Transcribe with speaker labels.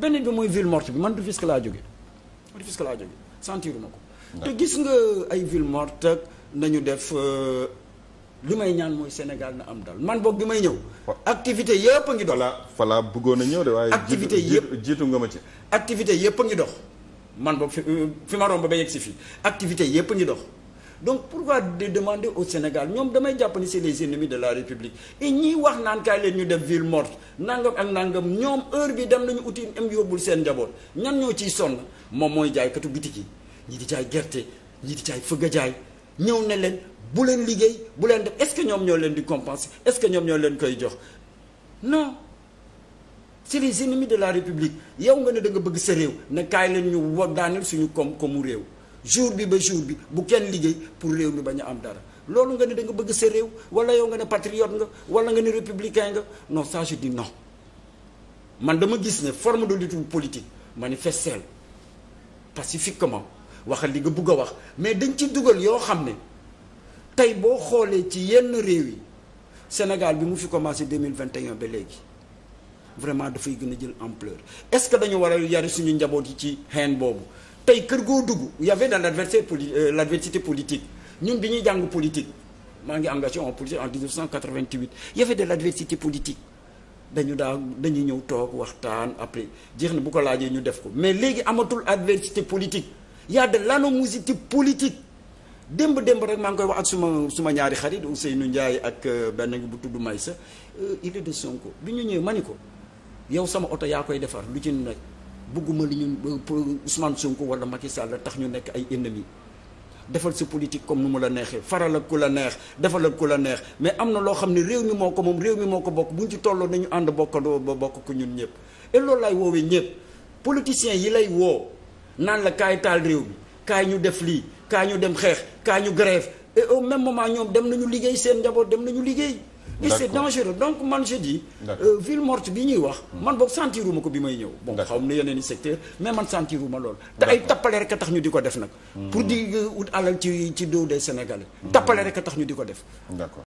Speaker 1: beneen bi mooy ville morte bi man du fisc laa jóge du fisc laa jóge sentiruma ko te gis nga ay ville morte ak nañu def euh, li may ñaan mooy Sénégal na am dal man boog bi may ñëw activité yëpp a ngi dox voilà voilà bëggoon a ñëw de waaye activité yëpp jiitu nga ma ci activité yëpp a ngi dox man boog fi euh, ma romb ba yegg si fii activité yëpp a ngi dox donc pourquoi de demander au Sénégal ñoom damay jàpp ni c'est les ennemis de la République et ñii wax naan kaay leen ñu def ville morte nangam ak nangam ñoom heure bi dem nañu uti am yóbbul seen njaboot ñan ñoo ciy sonn moom mooy jaaykatu bitik yi ñii di jaay gerte ñii di jaay fëgg a jaay ñëw ne leen bu leen liggéey bu leen def est-ce que ñoom ñoo leen di compenser est-ce que ñoom ñoo leen koy jox non c'est les ennemis de la République yow nga ne da nga bëgg sa réew na kaay leen ñu wa daaneel suñu koom-koomu réew jour bi ba jour bi bu kenn liggéey pour réew mi bañ a am dara loolu nga ne danga bëgg sa réew wala yow nga ne patriote nga wala nga ne républicain nga non ça je dis man dama gis ne forme de lutte politique manifesteel pacifiquement waxal li nga bëgg a wax mais dañ ci dugal yoo xam ne tey boo xoolee ci yenn réew yi Sénégal bi mu fi commencer mille commencé 2021 ba léegi vraiment dafay gën a jël ampleur est-ce que dañu war a yari suñu njaboot yi ci xeen boobu tey kër goo dugg y avait dans l'adversité poli euh, l'adversité politique ñun bi ñuy jàng politique maa ngi engagé en politique en 1988 y avait de l'adversité politique dañu daa dañu ñëw toog waxtaan après jeex na bu ko laajee ñu def ko mais léegi amatul adversité politique y a de l'anomosité politique démb démb rek maa ngi koy wax ak suma suma ñaari xarit nu Ndiaye ak euh, benn bu tudd Maïssa euh, il est de Sonko bi ñu ñëwee ma ni ko yow sama oto yaa koy defar lu ci nekk. bëgguma li ñu euh, Ousmane Sonko wala Macky Sall la tax ñu nekk ay ennemis defal sa politique comme nu mu la neexee faral ku la neex defal ak ku la neex mais am na loo xam ne réew mi moo ko moom réew mi moo ko bokk buñ ci tolloo nañu ànd bokkandoo bokk ko ñun ñëpp et loolu laay woowee ñëpp politiciens yi lay woo naan la kaay taal réew bi kaay ñu def lii kaay ñu dem xeex kaay ñu grève et au même moment ñoom dem nañu liggéey seen njaboot dem nañu liggéey et c'est donc man je dis euh, ville morte bi ñuy wax man boo sentiruma ko bi may ñëw bon xaw na yeneen i secteur mais man sentiruma loolu te ay tappale rek a tax ñu di ko def nag pour hmm. di euh, ut alal ci ci dos des Sénégalais tappale hmm. rek a tax ñu di ko def